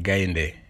gaynde